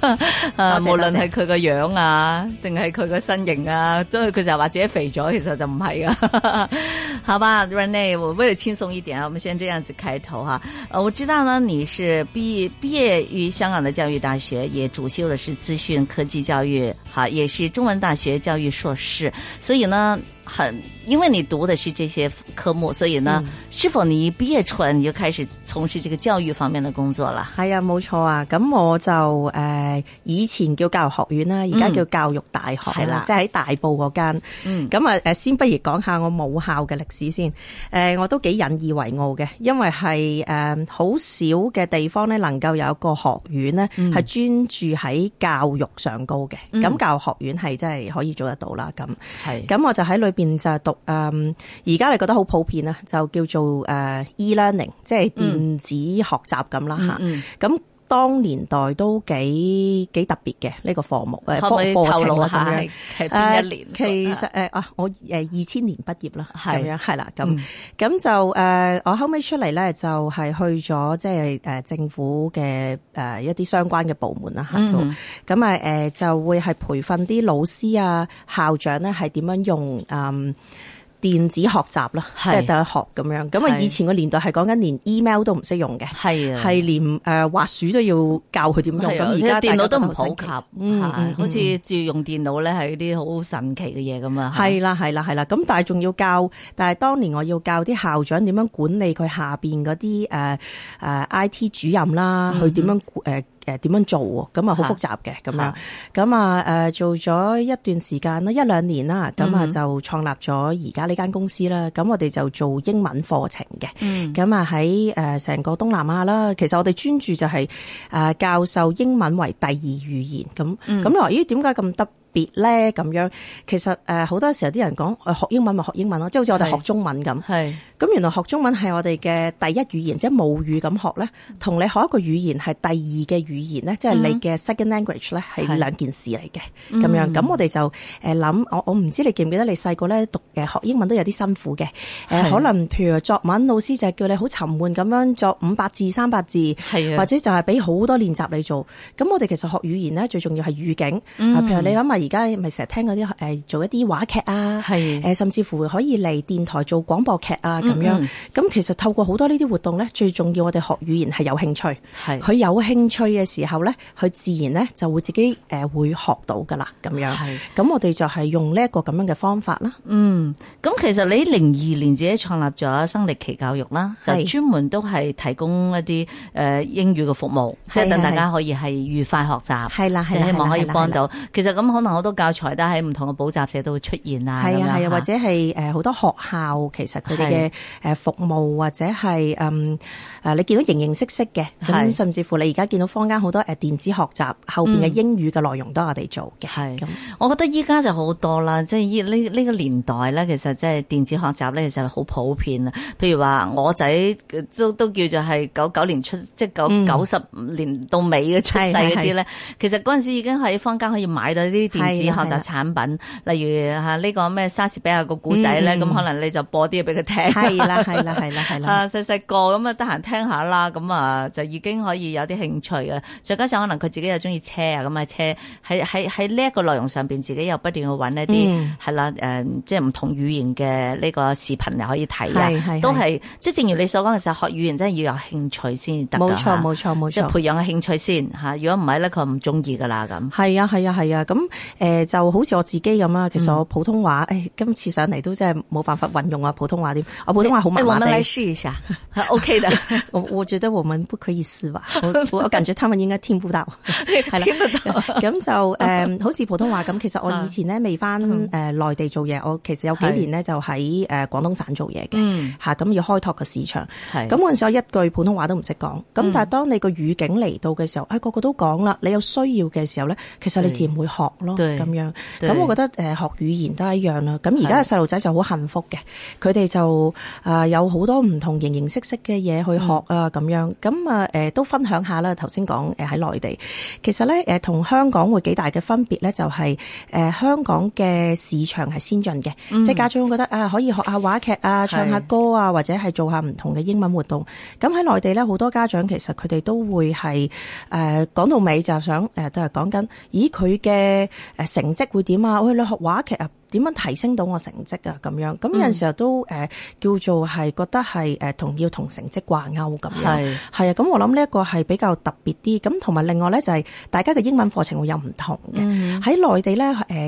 誒， 無論係佢個樣啊，定係佢個身形啊，都佢就話自己肥咗，其實就唔係啊。 好吧，Renee，我為了輕鬆一點啊，我們先這樣子開頭哈。呃，我知道呢，你是畢業畢業於香港的教育大學，也主修的是資訊科技教育，好，也是中文大學教育碩士，所以呢，很。因為你讀的是這些科目，所以呢，嗯、是否你一畢業出來你就開始從事這個教育方面的工作啦？係啊，冇錯啊。咁我就誒、呃，以前叫教育學院啦，而家叫教育大學係、嗯、啦，即係喺大埔嗰間。咁、嗯、啊，誒，先不如講下我母校嘅歷史先。誒、呃，我都幾引以為傲嘅，因為係誒好少嘅地方咧，能夠有一個學院咧係專注喺教育上高嘅。咁、嗯、教育學院係真係可以做得到啦。咁、嗯、係，咁我就喺裏邊就讀。嗯，而家你覺得好普遍啦，就叫做誒、e、e-learning，即係電子學習咁啦嚇，咁、嗯。嗯嗯當年代都幾幾特別嘅呢個課目，可唔可以透露一下？邊一,一年？啊、其實誒啊，我誒二千年畢業啦，咁樣係啦，咁咁、嗯、就誒，我後尾出嚟咧就係、是、去咗即係誒政府嘅誒一啲相關嘅部門啦吓，做咁啊誒就會係培訓啲老師啊校長咧係點樣用嗯。電子學習咯，即係第一學咁樣。咁啊，以前個年代係講緊連 email 都唔識用嘅，係、啊、連誒滑鼠都要教佢點用。而、啊、家電腦都唔普及，嗯，嗯好似照用電腦咧係啲好神奇嘅嘢咁啊。係啦、啊，係啦、啊，係啦、啊。咁、啊、但係仲要教，但係當年我要教啲校長點樣管理佢下邊嗰啲誒誒 IT 主任啦，佢點樣誒？嗯呃誒點樣做喎？咁啊好複雜嘅咁、啊、樣，咁啊、呃、做咗一段時間啦，一兩年啦，咁、嗯、啊就創立咗而家呢間公司啦。咁我哋就做英文課程嘅，咁啊喺誒成個東南亞啦。其實我哋專注就係、是、誒、呃、教授英文為第二語言咁。咁你話咦點解咁特別咧？咁、嗯、樣其實誒好、呃、多時候啲人講誒學英文咪學英文咯，即係好似我哋學中文咁。咁原來學中文係我哋嘅第一語言，即係母語咁學咧。同你學一個語言係第二嘅語言咧、嗯，即係你嘅 second language 咧，係兩件事嚟嘅咁樣。咁、嗯、我哋就誒諗，我我唔知你記唔記得你細個咧讀嘅學英文都有啲辛苦嘅、呃。可能譬如作文老師就係叫你好沉悶咁樣作五百字三百字，或者就係俾好多練習你做。咁我哋其實學語言咧最重要係語境。譬如你諗下而家咪成日聽嗰啲、呃、做一啲話劇啊、呃，甚至乎可以嚟電台做廣播劇啊。咁、嗯、樣，咁其實透過好多呢啲活動咧，最重要我哋學語言係有興趣，係佢有興趣嘅時候咧，佢自然咧就會自己誒會學到噶啦，咁樣。係咁，我哋就係用呢一個咁樣嘅方法啦。嗯，咁其實你零二年自己創立咗生力奇教育啦，就專門都係提供一啲誒英語嘅服務，即係等大家可以係愉快學習，係啦，係啦，希望可以幫到。其實咁可能好多教材都喺唔同嘅補習社都會出現啦，係啊，係啊，或者係誒好多學校其實佢哋嘅。誒服務或者係誒誒你見到形形色色嘅，甚至乎你而家見到坊間好多誒電子學習後邊嘅英語嘅內容都係我哋做嘅，係、嗯。我覺得依家就好多啦，即係呢呢個年代咧，其實即係電子學習咧、嗯嗯，其實好普遍啦。譬如話我仔都都叫做係九九年出，即係九九十年到尾嘅出世啲咧，其實嗰陣時已經喺坊間可以買到啲電子學習產品，的的例如嚇呢個咩莎士比亞個古仔咧，咁、嗯、可能你就播啲嘢俾佢聽。係 啦，係啦，係啦，係啦。啊，細細個咁啊，得閒聽下啦，咁啊，就已經可以有啲興趣嘅。再加上可能佢自己又中意車啊，咁啊，車喺喺喺呢一個內容上邊，自己又不斷去揾一啲係啦，誒、嗯嗯，即係唔同語言嘅呢個視頻又可以睇啊。係係。都係即係，正如你所講嘅時候，學語言真係要有興趣先得噶。冇錯，冇錯，冇錯。即係培養個興趣先吓，如果唔係咧，佢唔中意噶啦咁。係啊，係啊，係啊。咁誒、呃，就好似我自己咁啊，其實我普通話，誒、嗯，今次上嚟都真係冇辦法運用啊，普通話點？普通話好、欸、我們來試一下，OK 的。 我我覺得我們不可以試吧，我感 覺他們應該聽不到， 對啦，聽得到咁、嗯、就誒、嗯，好似普通話咁，其實我以前咧未翻誒內地做嘢、嗯，我其實有幾年咧就喺誒廣東省做嘢嘅，吓咁、嗯、要開拓個市場。咁嗰陣時候一句普通話都唔識講，咁但係當你個語境嚟到嘅時候，誒、嗯、個、哎、個都講啦。你有需要嘅時候咧，其實你自然會學咯，咁樣。咁我覺得誒學語言都係一樣啦。咁而家嘅細路仔就好幸福嘅，佢哋就。啊，有好多唔同形形色色嘅嘢去學啊，咁、嗯、樣咁啊，誒都分享下啦。頭先講誒喺內地，其實咧誒同香港會幾大嘅分別咧、就是，就係誒香港嘅市場係先進嘅、嗯，即係家長會覺得啊，可以學下話劇啊，唱下歌啊，或者係做下唔同嘅英文活動。咁喺內地咧，好多家長其實佢哋都會係誒講到尾就想誒都係講緊，咦，佢嘅誒成績會點啊？我你學話劇啊！點樣提升到我成績啊？咁樣咁有陣時候都誒、嗯呃、叫做係覺得係、呃、同要同成績掛鈎咁樣係啊！咁我諗呢一個係比較特別啲咁，同埋另外咧就係、是、大家嘅英文課程會有唔同嘅喺內地咧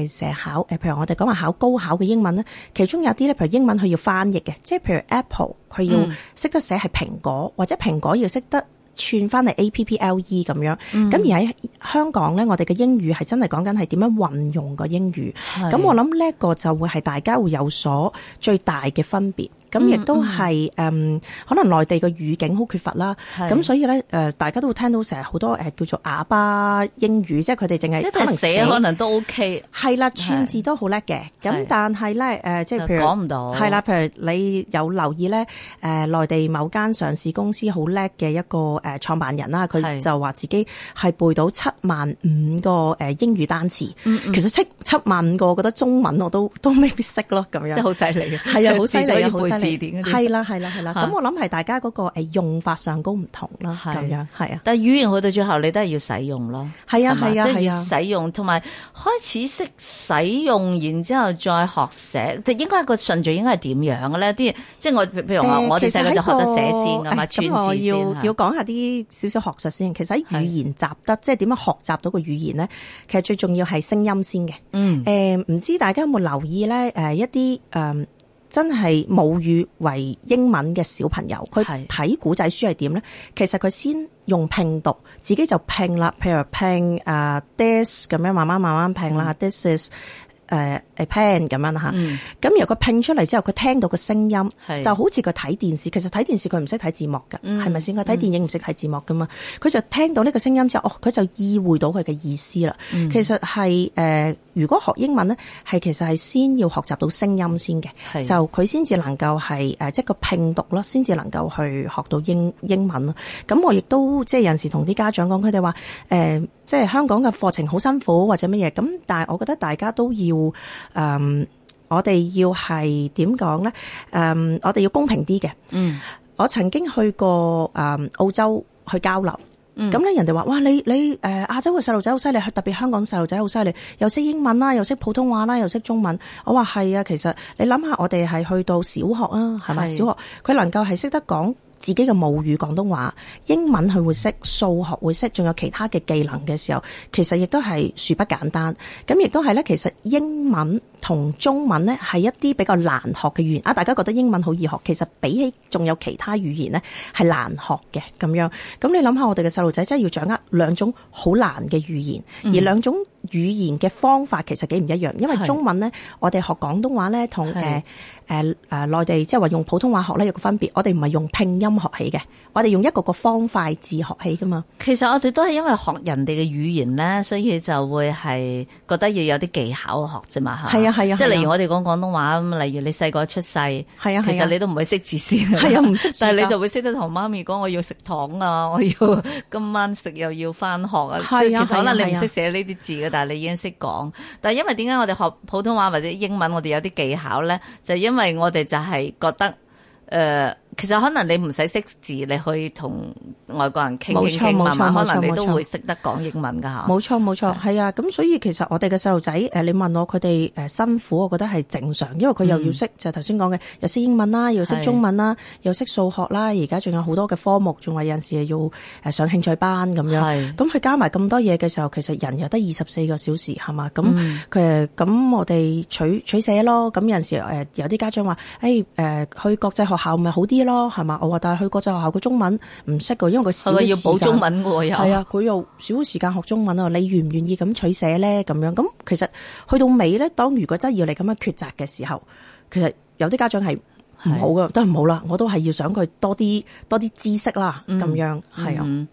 誒，成日、呃、考、呃、譬如我哋講話考高考嘅英文咧，其中有啲咧譬如英文佢要翻譯嘅，即係譬如 Apple 佢要識得寫係蘋果、嗯，或者蘋果要識得。串翻嚟 Apple 咁樣，咁而喺香港咧，我哋嘅英語係真係講緊係點樣運用個英語，咁我諗呢個就會係大家會有所最大嘅分別。咁、嗯、亦都係誒、嗯嗯、可能內地嘅語境好缺乏啦。咁所以咧，誒、呃、大家都會聽到成日好多誒、呃、叫做啞巴英語，即係佢哋淨係即係可能寫，可能都 OK。係啦，串字都好叻嘅。咁但係咧，誒、呃、即係譬如講唔到。係啦，譬如你有留意咧，誒、呃、內地某間上市公司好叻嘅一個誒創辦人啦，佢就話自己係背到七萬五個誒英語單詞、嗯、其實七七萬五個覺得中文我都都未必識咯，咁樣即係好犀利，係啊，好犀利啊，好字典係啦，係啦，係啦。咁我諗係大家嗰個誒用法上高唔同啦，咁樣係啊。但係語言去到最後，你都係要使用咯。係啊，係啊，即係、就是、使用。同埋開始識使用，然之後再學寫，就應該個順序應該係點樣嘅咧？啲即係我，譬如譬如話，我哋細個就學得寫先啊，咪串字線咁我要要講下啲少少學術先。其實喺語言習得，即係點樣學習到個語言咧？其實最重要係聲音先嘅。嗯。誒，唔知大家有冇留意咧？誒，一啲誒。嗯真係母語為英文嘅小朋友，佢睇古仔書係點咧？其實佢先用拼讀，自己就拼啦。譬如拼啊、uh，this 咁樣，慢慢慢慢拼啦。嗯、this is 誒、uh, a pen 咁樣。咁如果佢拼出嚟之後，佢聽到個聲音，嗯、就好似佢睇電視。其實睇電視佢唔識睇字幕㗎，係咪先？佢睇電影唔識睇字幕噶嘛？佢就聽到呢個聲音之後，哦，佢就意會到佢嘅意思啦。嗯、其實係誒。呃如果學英文咧，係其實係先要學習到聲音先嘅，就佢先至能夠係誒，即係個拼讀咯，先至能夠去學到英英文咯。咁我亦都即係有陣時同啲家長講，佢哋話誒，即係香港嘅課程好辛苦或者乜嘢咁，但係我覺得大家都要誒、嗯，我哋要係點講咧？誒、嗯，我哋要公平啲嘅。嗯，我曾經去過誒、嗯、澳洲去交流。咁、嗯、咧人哋話，哇！你你誒亞洲嘅細路仔好犀利，特別香港細路仔好犀利，又識英文啦，又識普通話啦，又識中文。我話係啊，其實你諗下，我哋係去到小學啊，係咪小學？佢能夠係識得講。自己嘅母語廣東話、英文佢會識、數學會識，仲有其他嘅技能嘅時候，其實亦都係殊不簡單。咁亦都係咧，其實英文同中文咧係一啲比較難學嘅語言。啊，大家覺得英文好易學，其實比起仲有其他語言咧係難學嘅咁樣。咁你諗下，我哋嘅細路仔真係要掌握兩種好難嘅語言，而兩種語言嘅方法其實幾唔一樣，因為中文咧，我哋學廣東話咧，同誒誒誒內地，即係話用普通話學咧有個分別，我哋唔係用拼音學起嘅。我哋用一個個方塊字學起噶嘛？其實我哋都係因為學人哋嘅語言咧，所以就會係覺得要有啲技巧學啫嘛。係啊係啊，啊，即係例如我哋講廣東話咁，例如你細個出世，係啊，啊其實你都唔會識字先，係啊唔出世，但係你就會識得同媽咪講我要食糖啊，我要今晚食又要翻學啊。係啊，可能你唔識寫呢啲字嘅、啊啊，但係你已經識講。但係因為點解我哋學普通話或者英文，我哋有啲技巧咧？就因為我哋就係覺得誒。呃其實可能你唔使識字，你去同外國人傾偈，冇錯，冇錯，啊嘛，可能你都會識得講英文噶，吓，冇錯，冇錯，係啊！咁所以其實我哋嘅細路仔，誒你問我佢哋，誒辛苦，我覺得係正常，因為佢又要識、嗯、就係頭先講嘅，又識英文啦，又識中文啦，又識數學啦，而家仲有好多嘅科目，仲話有陣時要上興趣班咁樣。咁佢加埋咁多嘢嘅時候，其實人又得二十四個小時係嘛？咁佢，咁、嗯、我哋取取捨咯。咁有時有啲家長話，誒、哎呃、去國際學校咪好啲係嘛？我話，但係去國際學校嘅中文唔識噶，因為佢要補中文噶。又係啊，佢又少時間學中文啊。你願唔願意咁取捨咧？咁樣咁，其實去到尾咧，當如果真係要你咁樣抉擇嘅時候，其實有啲家長係唔好噶，真係唔好啦。我都係要想佢多啲多啲知識啦，咁樣，嗯，係啊。嗯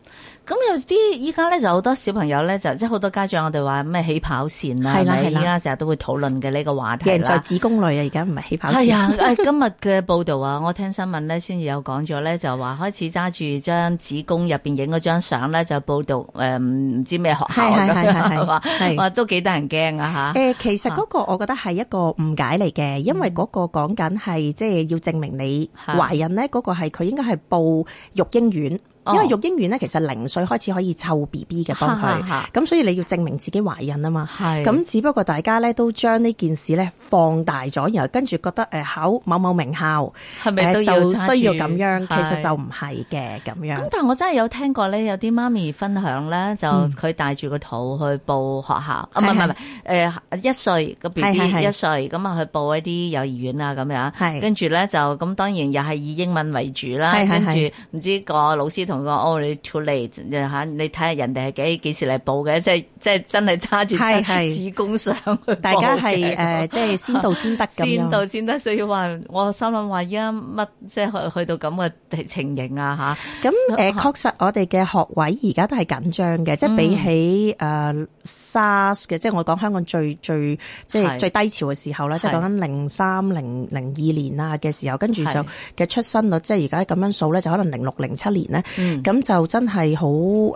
咁有啲依家咧就好多小朋友咧，就即係好多家長我哋話咩起跑線啦，係啦係啦，依家成日都會討論嘅呢個話題啦。贏在子宮內啊，而家唔係起跑線。係啊，今日嘅報道啊，我聽新聞咧先至有講咗咧，就話開始揸住張子宮入邊影嗰張相咧就報道誒唔、嗯、知咩學校係，係，係嘛，都幾得人驚啊嚇。其實嗰個我覺得係一個誤解嚟嘅、嗯，因為嗰個講緊係即係要證明你懷孕咧，嗰個係佢應該係報育嬰院。因為育嬰院咧，其實零歲開始可以湊 B B 嘅，幫、哦、佢。咁所以你要證明自己懷孕啊嘛。咁只不過大家咧都將呢件事咧放大咗，然後跟住覺得誒考某某名校，係咪都就需要咁樣，其實就唔係嘅咁樣。咁但係我真係有聽過咧，有啲媽咪分享咧，就佢帶住個肚去報學校，嗯、啊唔係唔係誒一歲個 B B 一歲咁啊去報一啲幼兒園啊咁樣。係。跟住咧就咁當然又係以英文為主啦。係係係。跟住唔知個老師同。我話哦，你 too late，吓，你睇下人哋係幾幾時嚟報嘅，即係即係真係揸住紙工上。大家係誒、 呃，即係先到先得咁，先到先得，所以話我心諗話依家乜，即係去去到咁嘅情形啊吓。咁誒，確、呃、實我哋嘅學位而家都係緊張嘅，即係比起誒、呃、SARS 嘅，即係我講香港最最即係最低潮嘅時候咧，即係講緊零三、零零二年啊嘅時候，跟住就嘅出生率，即係而家咁樣數咧，就可能零六、零七年咧。咁、嗯、就真係好誒誒，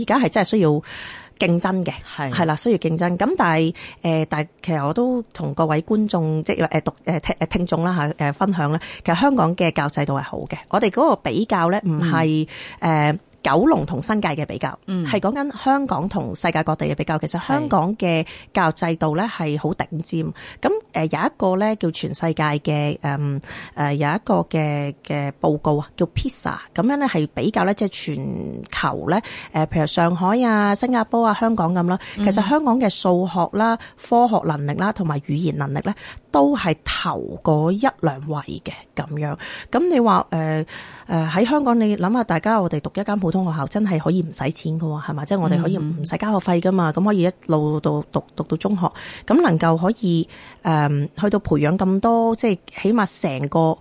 而家係真係需要競爭嘅，係係啦，需要競爭。咁但係誒、呃，但係其實我都同各位觀眾即係誒讀聽眾啦、呃、分享啦，其實香港嘅教制度係好嘅，我哋嗰個比較咧唔係誒。呃嗯呃九龍同新界嘅比較，嗯，係講緊香港同世界各地嘅比較。其實香港嘅教育制度咧係好頂尖。咁誒有一個咧叫全世界嘅誒誒有一個嘅嘅報告啊，叫 PISA。咁樣咧係比較咧即係全球咧誒，譬如上海啊、新加坡啊、香港咁啦。其實香港嘅數學啦、科學能力啦同埋語言能力咧，都係頭嗰一兩位嘅咁樣。咁你話誒誒喺香港，你諗下，大家我哋讀一間普通中學校真係可以唔使錢噶，係嘛？即係我哋可以唔使交學費噶嘛？咁可以一路到讀讀到中學，咁能夠可以誒、嗯，去到培養咁多，即係起碼成個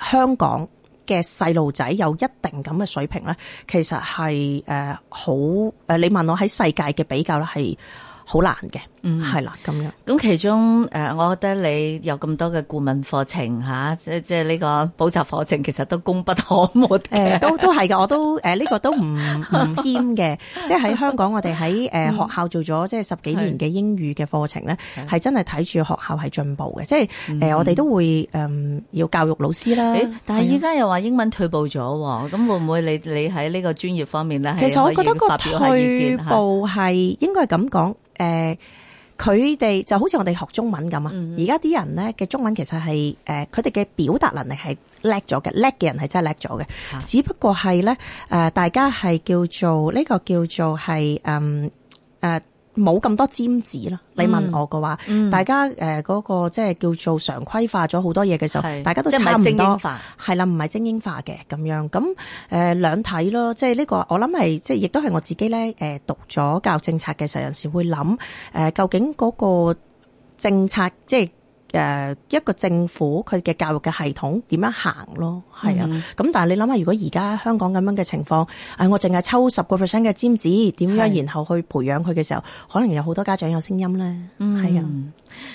香港嘅細路仔有一定咁嘅水平咧。其實係誒好誒，你問我喺世界嘅比較咧，係好難嘅。嗯，係、嗯、啦，咁樣咁，其中誒，我覺得你有咁多嘅顧問課程吓，即係即係呢個補習課程，啊即係、呢個補習課程其實都功不可沒、欸，誒， 都都係嘅，我都誒呢、啊呢個都唔唔謙嘅，唔嘅 即係喺香港我哋喺，我哋喺誒學校做咗即係十幾年嘅英語嘅課程咧，係真係睇住學校係進步嘅、嗯，即係誒我哋都會誒、嗯、要教育老師啦、欸。但係依家又話英文退步咗，咁會唔會你你喺呢個專業方面咧？其實我覺得個退步係應該係咁講，誒、嗯。佢哋就好似我哋學中文咁啊！而家啲人咧嘅中文其實係誒，佢哋嘅表達能力係叻咗嘅，叻嘅人係真係叻咗嘅，只不過係咧誒，大家係叫做呢個叫做係嗯誒。呃冇咁多尖子咯，你問我嘅話，嗯嗯，大家嗰、呃嗰個即係叫做常規化咗好多嘢嘅時候，大家都差唔多，係啦，唔係精英化嘅咁樣，咁、呃、兩睇咯，即係呢、呢個我諗係即係亦都係我自己咧讀咗教育政策嘅時候，有時會諗、呃、究竟嗰個政策即係。誒，一個政府佢嘅教育嘅系統點樣行咯？係啊，咁、嗯、但係你諗下，如果而家香港咁樣嘅情況，誒，我淨係抽十個 percent 嘅尖子，點樣然後去培養佢嘅時候，可能有好多家長有聲音咧。係啊，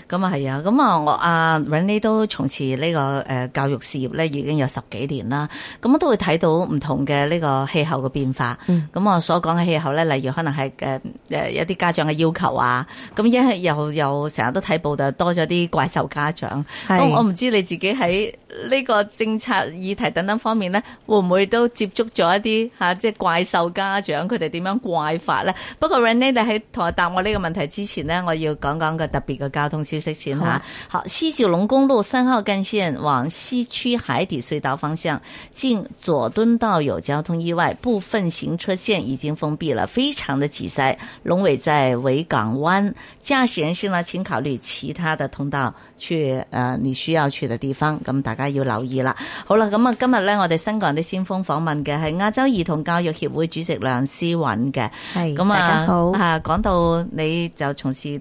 咁啊係啊，咁、嗯、啊，我阿 Randy 都從事呢個誒教育事業咧，已經有十幾年啦。咁我都會睇到唔同嘅呢個氣候嘅變化。咁、嗯、我所講嘅氣候咧，例如可能係誒誒一啲家長嘅要求啊，咁因為又又成日都睇報道多咗啲怪獸。家長，咁、哦、我唔知你自己喺呢個政策議題等等方面咧，會唔會都接觸咗一啲吓，啊，即係怪獸家長，佢哋點樣怪法呢？不過 Ranita 你喺同我答我呢個問題之前呢，我要講講個特別嘅交通消息先吓，啊。好，西九龍公路三號幹線往西區海底隧道方向，近佐敦道有交通意外，部分行車線已經封閉了，非常的擠塞。龍尾在維港灣，駕駛人士呢，請考慮其他的通道。去誒，你需要去嘅地方，咁大家要留意啦。好啦，咁啊，今日咧，我哋新港人的先鋒訪問嘅係亞洲兒童教育協會主席梁思韻嘅。係，咁啊，大家好，講到你就從事呢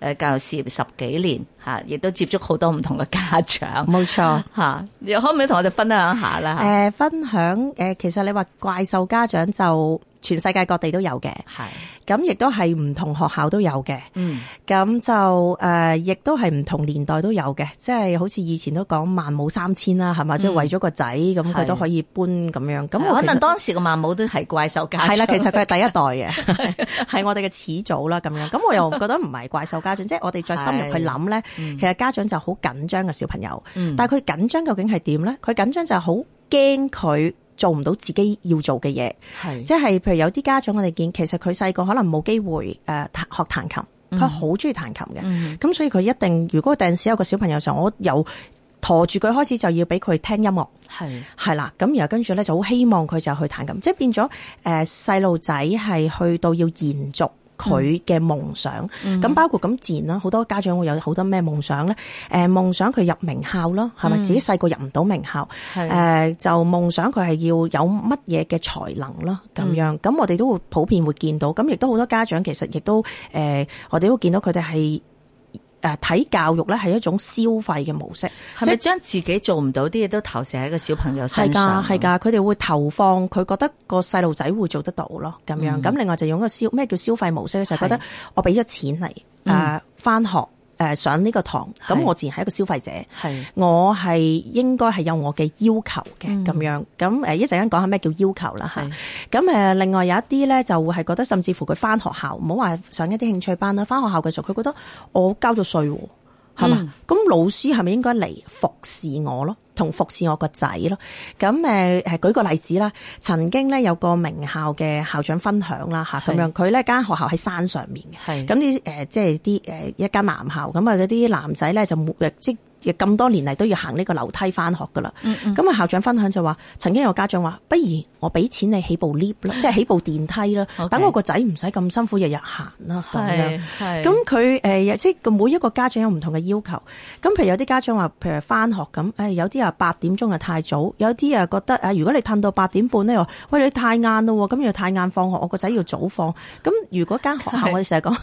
個誒教育事業十幾年，吓，亦都接觸好多唔同嘅家長。冇錯，吓，可唔可以同我哋分享一下啦？誒、呃，分享誒，其實你話怪獸家長就。全世界各地都有嘅，係咁亦都係唔同學校都有嘅，嗯，咁就誒，亦都係唔同年代都有嘅，即係好似以前都講孟母三遷啦，係嘛？即、嗯、係為咗個仔咁，佢都可以搬咁樣。咁可能當時個孟母都係怪獸家長，係啦，其實佢係第一代嘅，係 我哋嘅始祖啦，咁樣。咁我又覺得唔係怪獸家長， 即係我哋再深入去諗咧，嗯、其實家長就好緊張嘅小朋友，嗯、但係佢緊張究竟係點咧？佢緊張就係好驚佢。做唔到自己要做嘅嘢，即係譬如有啲家長我哋見，其實佢細個可能冇機會誒學彈琴，佢好中意彈琴嘅，咁、嗯、所以佢一定如果第陣時有個小朋友上，我有拖住佢開始就要俾佢聽音樂，係係啦，咁然後跟住咧就好希望佢就去彈琴，即係變咗誒細路仔係去到要延續。佢嘅夢想，咁、嗯、包括咁自然啦，好多家長會有好多咩夢想咧？誒、呃，夢想佢入名校咯，係、嗯、咪？自己細個入唔到名校，誒、嗯呃、就夢想佢係要有乜嘢嘅才能咯，咁樣。咁、嗯、我哋都會普遍會見到，咁亦都好多家長其實亦都誒、呃，我哋會見到佢哋係。誒，睇教育咧，係一種消費嘅模式，係咪將自己做唔到啲嘢，都投射喺個小朋友身上？係噶，係噶，佢哋會投放佢覺得個細路仔會做得到咯，咁樣。咁、嗯、另外就用個消咩叫消費模式咧，就係、是、覺得我俾咗錢嚟，誒、翻、嗯呃、學。誒上呢個堂，咁我自然係一個消費者，我係應該係有我嘅要求嘅咁、嗯、樣。咁一陣間講下咩叫要求啦，係咁。另外有一啲咧就會係覺得，甚至乎佢返學校，唔好話上一啲興趣班啦，返學校嘅時候佢覺得我交咗稅。係嘛？咁老師係咪應該嚟服侍我咯，同服侍我個仔咯？咁誒誒，舉個例子啦，曾經咧有個名校嘅校長分享啦嚇，咁樣佢呢間學校喺山上面嘅，咁啲誒即係啲誒一間男校，咁啊嗰啲男仔咧就即係咁多年嚟都要行呢個樓梯翻學噶啦。咁、嗯、啊、嗯、校長分享就話，曾經有個家長話，不如。我俾錢你起部 lift 啦，即係起部電梯啦，等我個仔唔使咁辛苦日日行啦咁樣。係，咁佢誒即係每一個家長有唔同嘅要求。咁譬如有啲家長話，譬如翻學咁，誒有啲啊八點鐘啊太早，有啲啊覺得啊如果你褪到八點半咧，喂，你太晏喎。」咁又太晏放學，我個仔要早放。咁如果間學校我哋成日講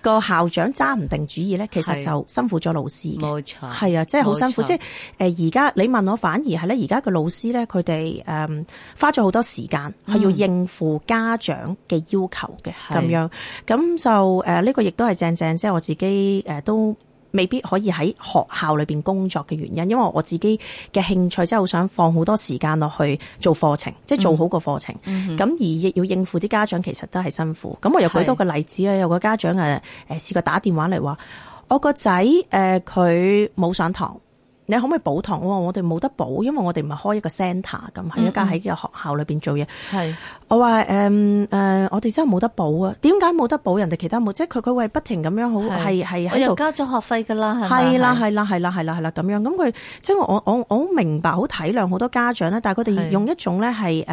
個校長揸唔定主意咧，其實就辛苦咗老師嘅。冇錯。係啊，即係好辛苦。即係誒而家你問我，反而係咧，而家個老師咧，佢哋、嗯、花咗好多。時間係要應付家長嘅要求嘅，咁、嗯、樣，咁就誒呢個亦都係正正，即係我自己誒都、呃、未必可以喺學校裏邊工作嘅原因，因為我自己嘅興趣真係好想放好多時間落去做課程，即係做好個課程。咁、嗯、而亦要應付啲家長，其實都係辛苦。咁我又舉多個例子啊，有個家長誒誒試過打電話嚟，話我個仔誒佢冇上堂。你可唔可以補堂？我哋冇得補，因為我哋唔係開一個 centre 咁，喺一家喺個學校裏面做嘢。我話誒、嗯呃、我哋真係冇得補啊！點解冇得補？得補人哋其他冇，即係佢佢會不停咁樣好係係喺度交咗學費㗎啦，係啦係啦係啦係啦係啦咁樣。咁佢即係我我我好明白，好體諒好多家長啦。但係佢哋用一種咧係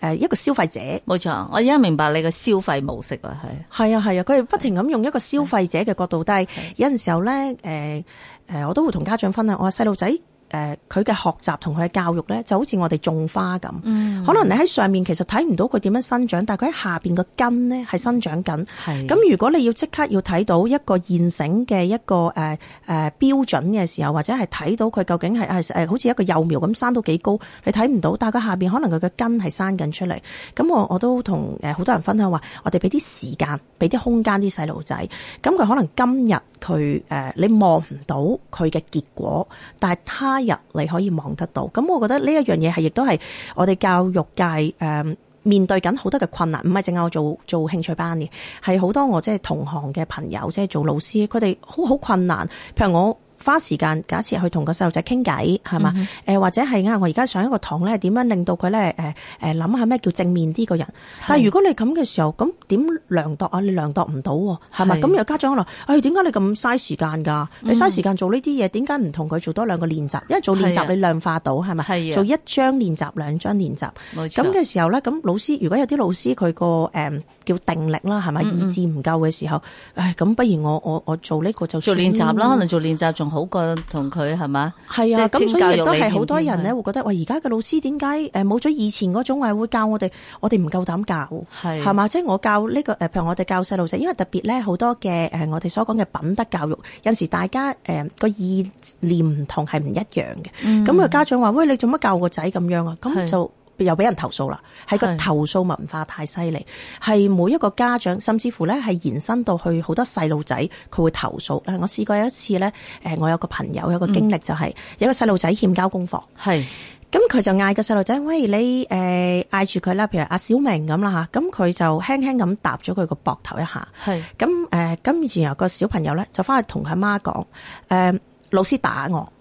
誒一個消費者。冇錯，我而家明白你嘅消費模式啦，係係啊係啊！佢哋不停咁用一個消費者嘅角度，但係有陣時候咧、呃誒，我都會同家長分享，我話，細路仔。誒佢嘅學習同佢嘅教育咧，就好似我哋種花咁，嗯，可能你喺上面其實睇唔到佢點樣生長，但係佢喺下邊個根咧係生長緊。咁如果你要即刻要睇到一個現成嘅一個誒誒，呃呃，標準嘅時候，或者係睇到佢究竟係係，呃，好似一個幼苗咁生到幾高，你睇唔到，但係佢下邊可能佢嘅根係生緊出嚟。咁我我都同誒好多人分享話，我哋俾啲時間，俾啲空間啲細路仔，咁佢可能今日佢誒你望唔到佢嘅結果，但係他一日你可以望得到，咁我覺得呢一樣嘢係，亦都係我哋教育界誒面對緊好多嘅困難。唔係淨係我做做興趣班嘅，係好多我即係同行嘅朋友，即係做老師，佢哋好好困難。譬如我。花時間假設去同個細路仔傾偈係嘛？誒、嗯、或者係啊，我而家上一個堂咧，點樣令到佢咧誒誒諗下咩叫正面啲個人？但係如果你咁嘅時候，咁點量度啊？你量度唔到喎，係嘛？咁又家長可能，哎點解你咁嘥時間㗎、嗯？你嘥時間做呢啲嘢，點解唔同佢做多兩個練習？因為做練習你量化到係咪、啊啊？做一張練習兩張練習，咁嘅時候咧，咁老師如果有啲老師佢個誒叫定力啦係咪？意志唔夠嘅時候，唉、哎、咁不如我我我做呢個就做練習啦，可能做練習仲。好過同佢係嘛？係啊，咁、就是、所以亦都係好多人咧會覺得，喂，而家嘅老師點解誒冇咗以前嗰種，係會教我哋，我哋唔夠膽教，係，係嘛？即、就、係、是、我教呢、這個誒、呃，譬如我哋教細路仔，因為特別咧好多嘅誒、呃，我哋所講嘅品德教育，有時大家誒個、呃、意念唔同係唔一樣嘅，咁、嗯、佢、那個、家長話喂，你做乜教個仔咁樣啊？咁就。又俾人投訴啦，係個投訴文化太犀利，係每一個家長，甚至乎咧係延伸到去好多細路仔，佢會投訴。我試過有一次咧，我有個朋友有個經歷，嗯、就係、係、有個細路仔欠交功課，係咁佢就嗌個細路仔，喂，你誒嗌、呃、住佢啦，譬如阿小明咁啦嚇，咁佢就輕輕咁搭咗佢個膊頭一下，係咁誒，咁然後個小朋友咧就翻去同佢媽講，誒、呃、老師打我，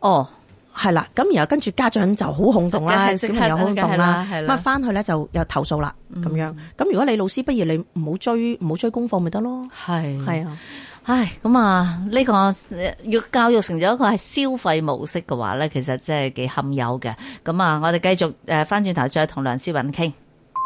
哦。係啦、啊，咁然後跟住家長就好恐動啦，小朋友好恐動啦，咁翻去咧就又投訴啦，咁樣。咁如果你老師不你不，不如你唔好追，唔好追功課咪得咯。係，係啊，唉，咁啊，呢、這個要教育成咗一個係消費模式嘅話咧，其實真係幾堪憂嘅。咁啊，我哋繼續返翻轉頭再同梁思韻傾。